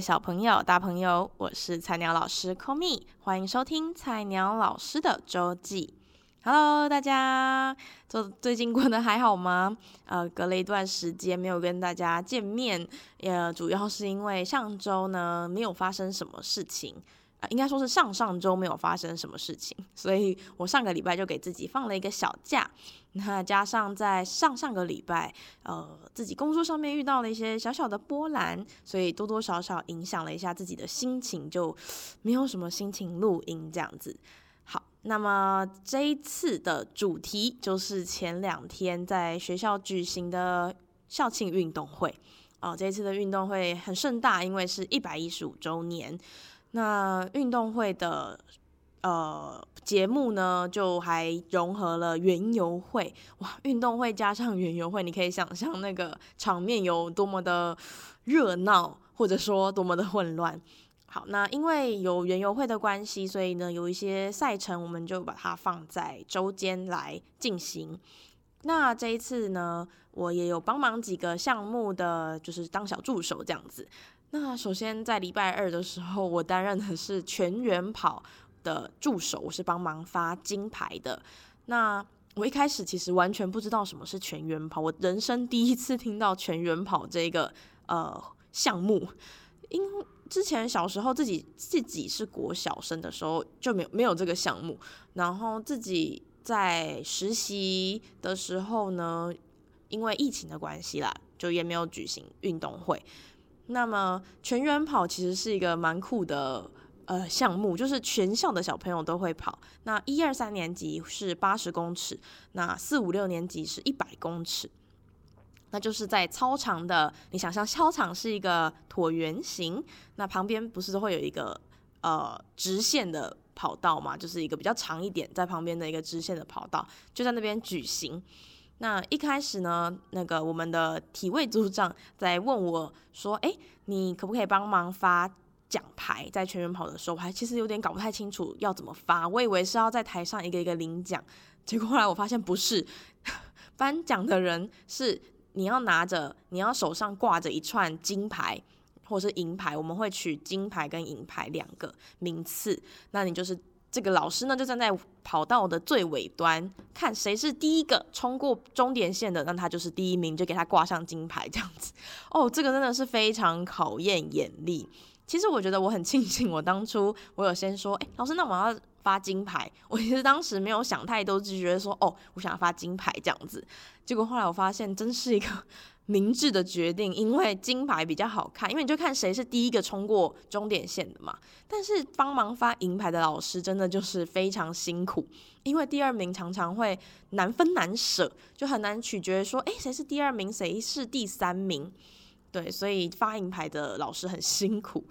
小朋友、大朋友，我是菜鳥老師 Komi，歡迎收聽菜鳥老師的週記。Hello，大家，就最近過得還好嗎？呃，隔了一段時間沒有跟大家見面，呃，主要是因為上週呢沒有發生什麼事情。啊，應該說是上上周沒有發生什麼事情，所以我上個禮拜就給自己放了一個小假。那加上在上上個禮拜，呃，自己工作上面遇到了一些小小的波瀾，所以多多少少影響了一下自己的心情，就沒有什麼心情錄音這樣子。好，那麼這一次的主題就是前兩天在學校舉行的校慶運動會。哦、呃，這一次的運動會很盛大，因為是一百一十五周年。那運動會的呃節目呢，就還融合了園遊會。哇，運動會加上園遊會，你可以想象那個場面有多麼的熱鬧，或者說多麼的混亂。好，那因為有園遊會的關係，所以呢，有一些賽程我們就把它放在週間來進行。那這一次呢，我也有幫忙幾個項目的，就是當小助手這樣子。那首先在禮拜二的時候，我擔任的是全員跑的助手，我是幫忙發金牌的。那我一開始其實完全不知道什麼是全員跑，我人生第一次聽到全員跑這個呃項目，因為之前小時候自己自己是國小生的時候就沒有沒有這個項目，然後自己。在實習的時候呢，因為疫情的關係啦，就也沒有舉行運動會。那麼全員跑其實是一個蠻酷的呃項目，就是全校的小朋友都會跑。那一二三年級是八十公尺，那四五六年級是一百公尺。那就是在操場的，你想象操場是一個橢圓形，那旁邊不是都會有一個呃直線的。跑道嘛，就是一個比較長一點，在旁邊的一個支線的跑道，就在那邊舉行。那一開始呢，那個我們的體育組長在問我說：“哎，你可不可以幫忙發獎牌？”在全員跑的時候，我還其實有點搞不太清楚要怎麼發，我以為是要在台上一個一個領獎，結果後來我發現不是， 頒獎的人是你要拿着，你要手上掛着一串金牌。或是銀牌，我們會取金牌跟銀牌兩個名次。那你就是這個老師呢，就站在跑道的最尾端，看誰是第一個衝過終點線的，那他就是第一名，就給他掛上金牌這樣子。哦，這個真的是非常考驗眼力。其實我覺得我很慶幸，我當初我有先說，誒、欸，老師，那我要發金牌，我其實當時沒有想太多，就覺得說哦，我想要發金牌這樣子。結果後來我發現，真是一個明智的決定，因為金牌比較好看，因為你就看誰是第一個衝過終點線的嘛。但是幫忙發銀牌的老師真的就是非常辛苦，因為第二名常常會難分難舍，就很難取決於說，誒，誰是第二名，誰是第三名。對，所以發銀牌的老師很辛苦。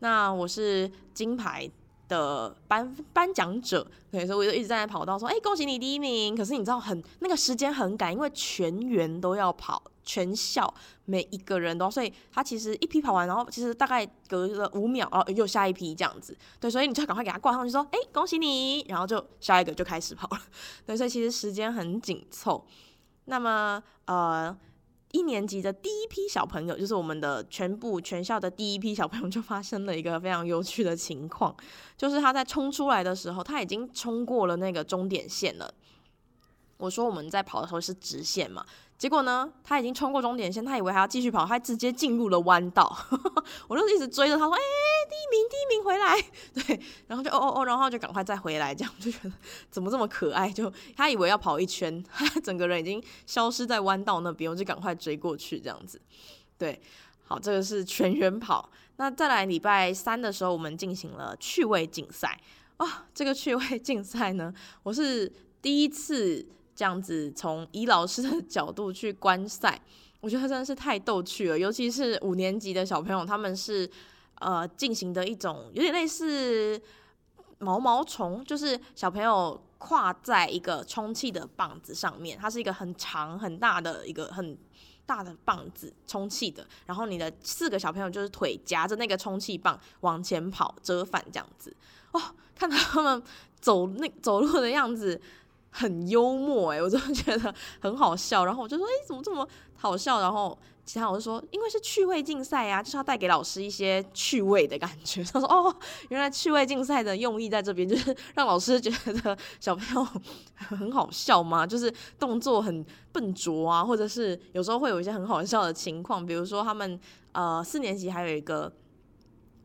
那我是金牌。的頒頒獎者，對，所以我就一直在那跑道說，哎、欸，恭喜你第一名。可是你知道很那個時間很趕，因為全員都要跑，全校每一個人都，所以他其實一批跑完，然後其實大概隔了五秒，然後又下一批這樣子，對，所以你就要趕快給他掛上去說，哎、欸，恭喜你，然後就下一個就開始跑了，對，所以其實時間很緊湊。那麼，呃。一年級的第一批小朋友，就是我們的全部全校的第一批小朋友，就發生了一個非常有趣的情況，就是他在衝出來的時候，他已經衝過了那個終點線了。我說我們在跑的時候是直線嘛。結果呢，他已經衝過終點線，他以為還要繼續跑，他直接進入了彎道呵呵，我就一直追着他說：“哎、欸、第一名，第一名回來。”對，然後就哦哦哦，然後就趕快再回來，這樣我就覺得怎麼這麼可愛？就他以為要跑一圈，他整個人已經消失在彎道那邊，我就趕快追過去這樣子。對，好，這個是全員跑。那再來禮拜三的時候，我們進行了趣味競賽啊。這個趣味競賽呢，我是第一次。這樣子從醫老師的角度去觀賽，我覺得真的是太逗趣了。尤其是五年級的小朋友，他們是呃進行的一種有點類似毛毛蟲，就是小朋友跨在一個充氣的棒子上面，它是一個很長很大的一個很大的棒子，充氣的。然後你的四個小朋友就是腿夾着那個充氣棒往前跑，折返這樣子。哦，看他們走那走路的樣子，很幽默哎、欸，我就覺得很好笑。然後我就說：“哎、欸，怎麼這麼好笑？”然後其他老師說：“因為是趣味競賽呀，就是要帶給老師一些趣味的感覺。”他說：“哦，原來趣味競賽的用意在這邊，就是讓老師覺得小朋友很好笑嗎？就是動作很笨拙啊，或者是有時候會有一些很好笑的情況。比如說他們呃四年級還有一個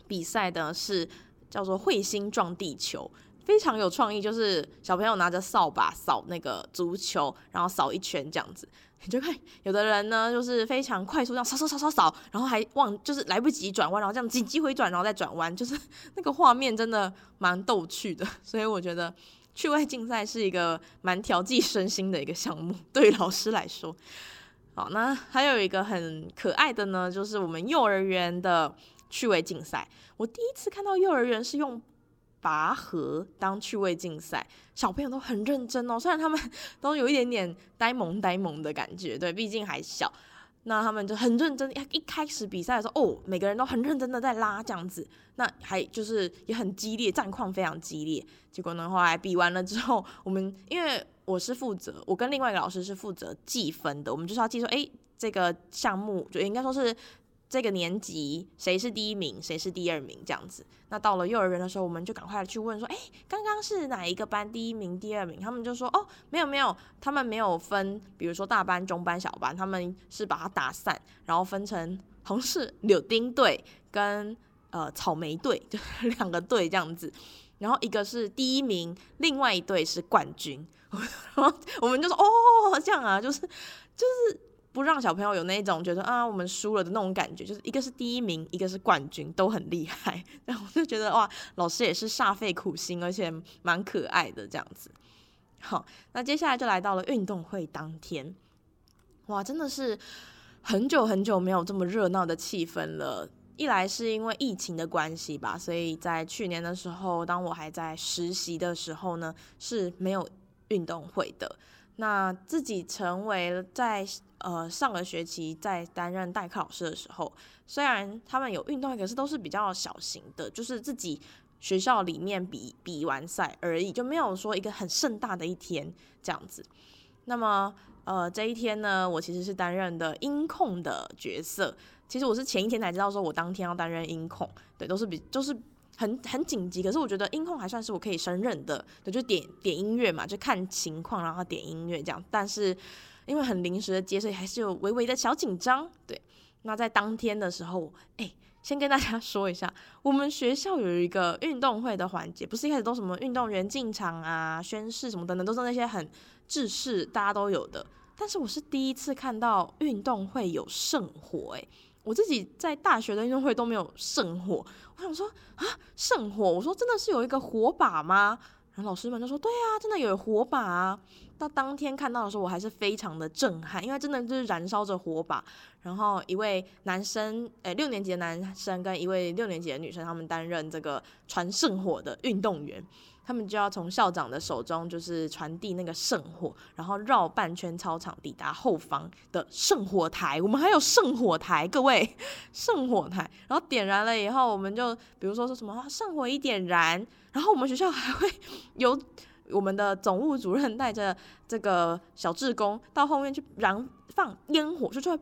比賽的是叫做‘彗星撞地球’。”非常有創意，就是小朋友拿着掃把掃那個足球，然後掃一圈這樣子。你就看有的人呢，就是非常快速，這樣掃掃掃掃掃，然後還忘，就是來不及轉彎，然後這樣緊急回轉，然後再轉彎，就是那個畫面真的蠻逗趣的。所以我覺得趣味競賽是一個蠻調劑身心的一個項目，對於老師來說。好，那還有一個很可愛的呢，就是我們幼兒園的趣味競賽。我第一次看到幼兒園是用。拔河當趣味競賽，小朋友都很認真哦。雖然他們都有一點點呆萌呆萌的感覺，對，畢竟還小。那他們就很認真，一開始比賽的時候，哦，每個人都很認真的在拉這樣子。那還就是也很激烈，戰況非常激烈。結果呢，後來比完了之後，我們因為我是負責，我跟另外一個老師是負責計分的，我們就是要計算哎，這個項目就應該說是。這個年級誰是第一名，誰是第二名這樣子。那到了幼兒園的時候，我們就趕快去問說：“哎，剛剛是哪一個班第一名、第二名？”他們就說：“哦，沒有沒有，他們沒有分，比如說大班、中班、小班，他們是把它打散，然後分成同事柳丁隊跟呃草莓隊，就是兩個隊這樣子。然後一個是第一名，另外一隊是冠軍。然後我們就說：哦，這樣啊，就是就是。”不讓小朋友有那種覺得啊，我們輸了的那種感覺，就是一個是第一名，一個是冠軍，都很厲害。那我就覺得哇，老師也是煞費苦心，而且蠻可愛的這樣子。好，那接下來就來到了運動會當天，哇，真的是很久很久沒有這麼熱鬧的氣氛了。一來是因為疫情的關係吧，所以在去年的時候，當我還在實習的時候呢，是沒有運動會的。那自己成為在呃，上個學期在擔任代課老師的時候，雖然他們有運動會，可是都是比較小型的，就是自己學校裡面比比完賽而已，就沒有說一個很盛大的一天這樣子。那麼，呃，這一天呢，我其實是擔任的音控的角色。其實我是前一天才知道說，我當天要擔任音控，對，都是比，就是很很緊急。可是我覺得音控還算是我可以勝任的，對，就點點音樂嘛，就看情況，然後點音樂這樣。但是。因為很臨時的接，所以還是有微微的小緊張。對，那在當天的時候，哎、欸，先跟大家說一下，我們學校有一個運動會的環節，不是一開始都什麼運動員進場啊、宣誓什麼等等，都是那些很制式，大家都有的。但是我是第一次看到運動會有聖火、欸，誒，我自己在大學的運動會都沒有聖火，我想說啊，聖火，我說真的是有一個火把嗎？然後老師們就說，對啊，真的有火把啊。到當天看到的時候，我還是非常的震撼，因為真的就是燃燒着火把，然後一位男生，呃、欸，六年級的男生跟一位六年級的女生，他們擔任這個傳聖火的運動員，他們就要從校長的手中就是傳遞那個聖火，然後繞半圈操場抵達後方的聖火台。我們還有聖火台，各位，聖火台，然後點燃了以後，我們就比如說說什麼啊、聖火一點燃，然後我們學校還會有。我們的總務主任帶着這個小志工到後面去燃放煙火，就出來，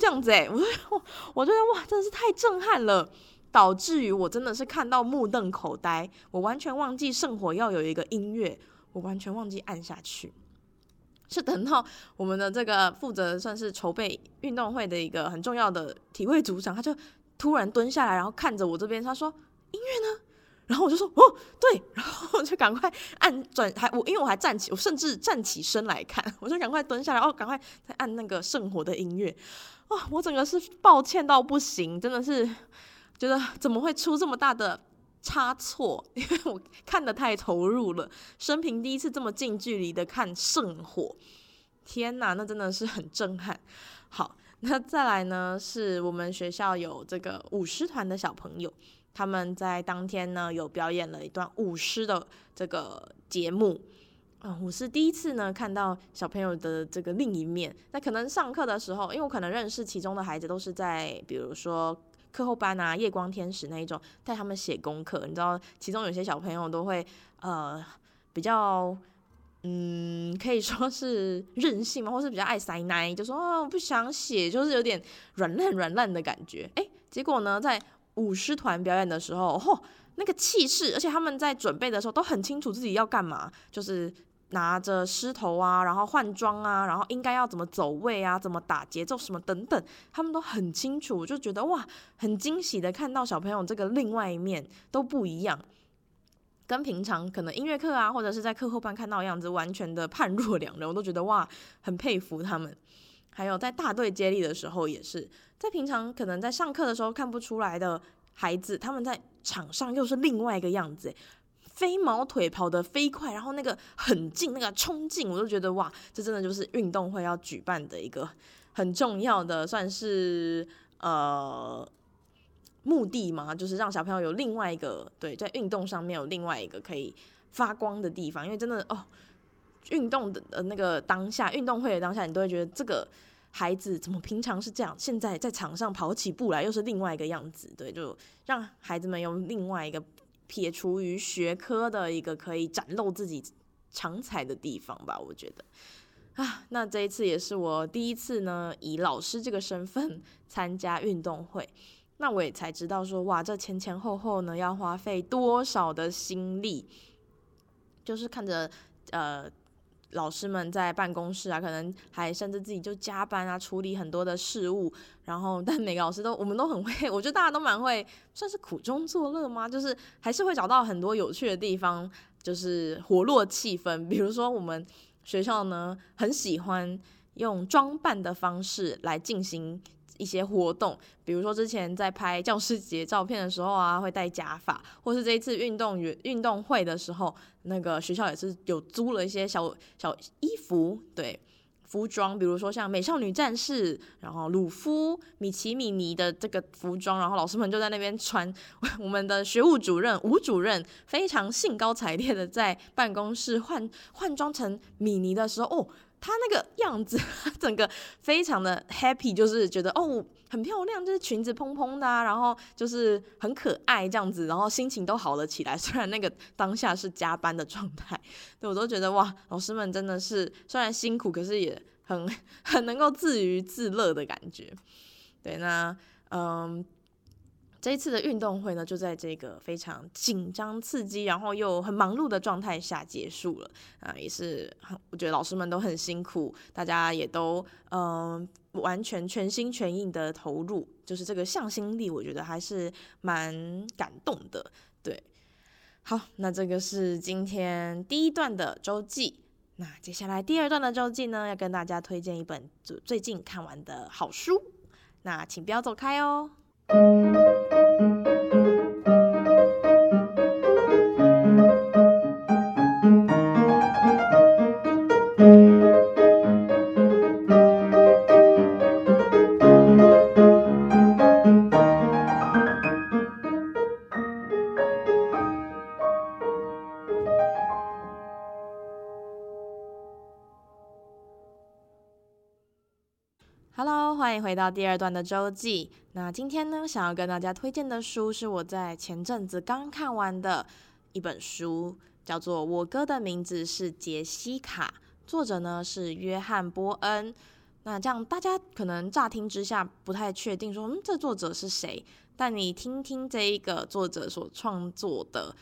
這樣子哎、欸，我就我覺得哇，真的是太震撼了，導致於我真的是看到目瞪口呆，我完全忘記聖火要有一個音樂，我完全忘記按下去，是等到我們的這個負責算是籌備運動會的一個很重要的體衛組長，他就突然蹲下來，然後看着我這邊，他說，音樂呢？然後我就說哦對，然後我就趕快按轉還我，因為我還站起，我甚至站起身來看，我就趕快蹲下來，哦，趕快再按那個聖火的音樂，哇、哦，我整個是抱歉到不行，真的是覺得怎麼會出這麼大的差錯？因為我看得太投入了，生平第一次這麼近距離的看聖火，天哪，那真的是很震撼。好，那再來呢是我們學校有這個舞獅團的小朋友。他們在當天呢有表演了一段舞獅的這個節目，啊、呃，我是第一次呢看到小朋友的這個另一面。那可能上課的時候，因為我可能認識其中的孩子都是在比如說課後班啊、夜光天使那一種，帶他們寫功課。你知道，其中有些小朋友都會呃比較，嗯，可以說是任性嘛，或是比較愛塞奶，就說哦不想寫，就是有點軟爛軟爛的感覺。哎，結果呢在。舞獅團表演的時候，嚯、哦，那個氣勢！而且他們在準備的時候都很清楚自己要幹嘛，就是拿着獅頭啊，然後換裝啊，然後應該要怎麼走位啊，怎麼打節奏什麼等等，他們都很清楚。就覺得哇，很驚喜的看到小朋友這個另外一面都不一樣，跟平常可能音樂課啊，或者是在課後班看到的樣子完全的判若兩人，我都覺得哇，很佩服他們。還有在大隊接力的時候，也是在平常可能在上課的時候看不出來的孩子，他們在場上又是另外一個樣子，飛毛腿跑得飛快，然後那個狠勁，那個衝勁，我都覺得哇，這真的就是運動會要舉辦的一個很重要的算是呃目的嘛，就是讓小朋友有另外一個對在運動上面有另外一個可以發光的地方，因為真的哦。運動的呃那個當下，運動會的當下，你都會覺得這個孩子怎麼平常是這樣，現在在場上跑起步來又是另外一個樣子，對，就讓孩子們用另外一個撇除於學科的一個可以展露自己長才的地方吧，我覺得。啊，那這一次也是我第一次呢，以老師這個身份參加運動會，那我也才知道說，哇，這前前後後呢要花費多少的心力，就是看着呃。老師們在辦公室啊，可能還甚至自己就加班啊，處理很多的事務。然後，但每個老師都，我們都很會，我覺得大家都蠻會，算是苦中作樂嗎？就是還是會找到很多有趣的地方，就是活絡氣氛。比如說，我們學校呢，很喜歡用裝扮的方式來進行。一些活動，比如說之前在拍教師節照片的時候啊，會戴假髮，或是這一次運動員運動會的時候，那個學校也是有租了一些小小衣服，對，服裝，比如說像美少女戰士，然後魯夫、米奇米妮的這個服裝，然後老師們就在那邊穿。我們的學務主任吳主任非常興高采烈的在辦公室換換裝成米妮的時候，哦。他那個樣子，他整個非常的 happy，就是覺得哦，很漂亮，就是裙子蓬蓬的啊，然後就是很可愛這樣子，然後心情都好了起來。雖然那個當下是加班的狀態，對，我都覺得哇，老師們真的是雖然辛苦，可是也很很能夠自娛自樂的感覺。對，那嗯。這一次的運動會呢，就在這個非常緊張、刺激，然後又很忙碌的狀態下結束了啊，也是很，我覺得老師們都很辛苦，大家也都嗯、呃、完全全心全意的投入，就是這個向心力，我覺得還是蠻感動的。對，好，那這個是今天第一段的週記，那接下來第二段的週記呢，要跟大家推薦一本最最近看完的好書，那請不要走開哦。回到第二段的週記，那今天呢，想要跟大家推薦的書是我在前陣子剛看完的一本書，叫做《我哥的名字是傑西卡》，作者呢是約翰·波恩。那這樣大家可能乍聽之下不太確定說，嗯，這作者是誰？但你聽聽這一個作者所創作的，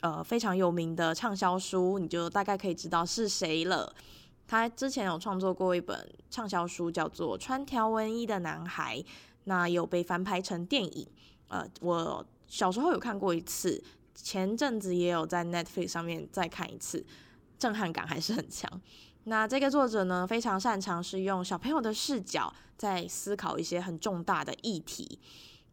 呃，非常有名的暢銷書，你就大概可以知道是誰了。他之前有創作過一本暢銷書，叫做《穿條紋衣的男孩》，那有被翻拍成電影。呃，我小時候有看過一次，前陣子也有在 Netflix 上面再看一次，震撼感還是很強。那這個作者呢，非常擅長是用小朋友的視角在思考一些很重大的議題。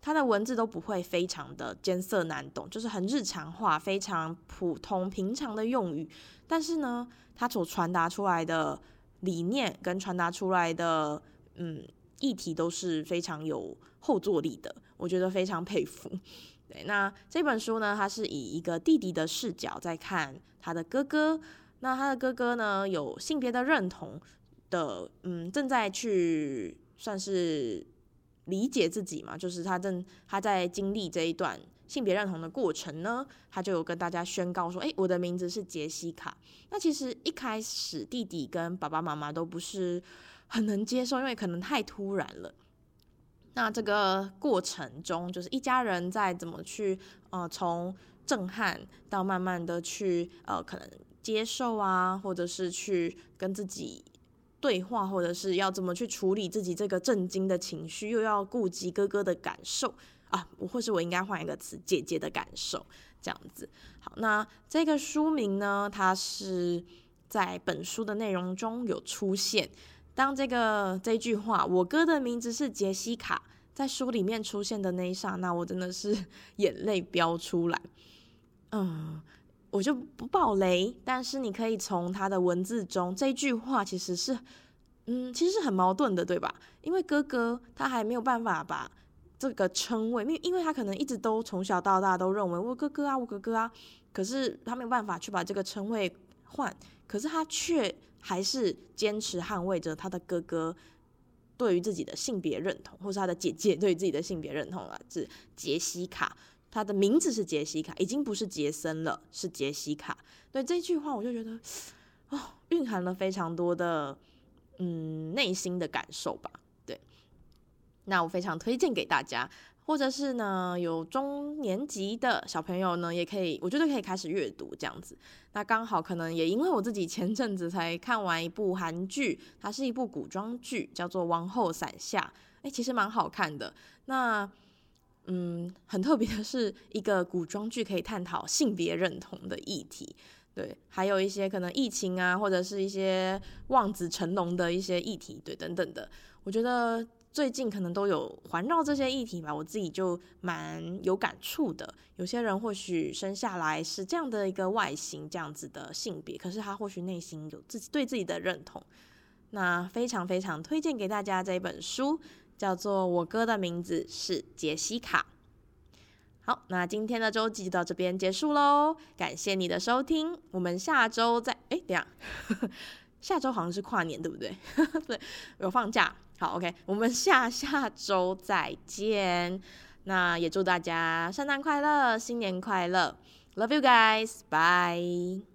他的文字都不會非常的艱澀難懂，就是很日常化、非常普通平常的用語。但是呢，他所傳達出來的理念跟傳達出來的嗯議題都是非常有後座力的，我覺得非常佩服。對，那這本書呢，他是以一個弟弟的視角在看他的哥哥。那他的哥哥呢，有性別的認同的，嗯，正在去算是。理解自己嘛，就是他正他在經歷這一段性別認同的過程呢，他就有跟大家宣告說：“誒、欸，我的名字是杰西卡。”那其實一開始弟弟跟爸爸媽媽都不是很能接受，因為可能太突然了。那這個過程中，就是一家人在怎麼去呃，從震撼到慢慢的去呃，可能接受啊，或者是去跟自己。對話，或者是要怎麼去處理自己這個震驚的情緒，又要顧及哥哥的感受啊，或是我應該換一個詞，姐姐的感受這樣子。好，那這個書名呢，它是在本書的內容中有出現。當這個這句話“我哥的名字是潔西卡”在書裡面出現的那一剎那，我真的是眼淚飆出來。嗯。我就不爆雷，但是你可以從他的文字中，這句話其實是，嗯，其實是很矛盾的，對吧？因為哥哥他還沒有辦法把這個稱謂，因因為他可能一直都從小到大都認為我哥哥啊，我哥哥啊，可是他沒有辦法去把這個稱謂換，可是他卻還是堅持捍衛着他的哥哥對於自己的性別認同，或是他的姐姐對於自己的性別認同啊，是潔西卡。他的名字是潔西卡，已經不是傑森了，是潔西卡。對，這句話，我就覺得，哦，蘊含了非常多的，嗯，內心的感受吧。對，那我非常推薦給大家，或者是呢，有中年級的小朋友呢，也可以，我覺得可以開始閱讀這樣子。那剛好可能也因為我自己前陣子才看完一部韓劇，它是一部古裝劇，叫做《王后傘下》，哎，其實蠻好看的。那。嗯，很特別的是，一個古裝劇可以探討性別認同的議題，對，還有一些可能疫情啊，或者是一些望子成龍的一些議題，對，等等的。我覺得最近可能都有環繞這些議題吧，我自己就蠻有感觸的。有些人或許生下來是這樣的一個外形，這樣子的性別，可是他或許內心有自己對自己的認同。那非常非常推薦給大家這一本書。叫做我哥的名字是潔西卡。好，那今天的週記就到這邊結束嘍。感謝你的收聽，我們下週再哎、欸，等下呵呵下週好像是跨年對不對？對， 有放假。好，OK，我們下下週再見。那也祝大家聖誕快樂，新年快樂，Love you guys，拜。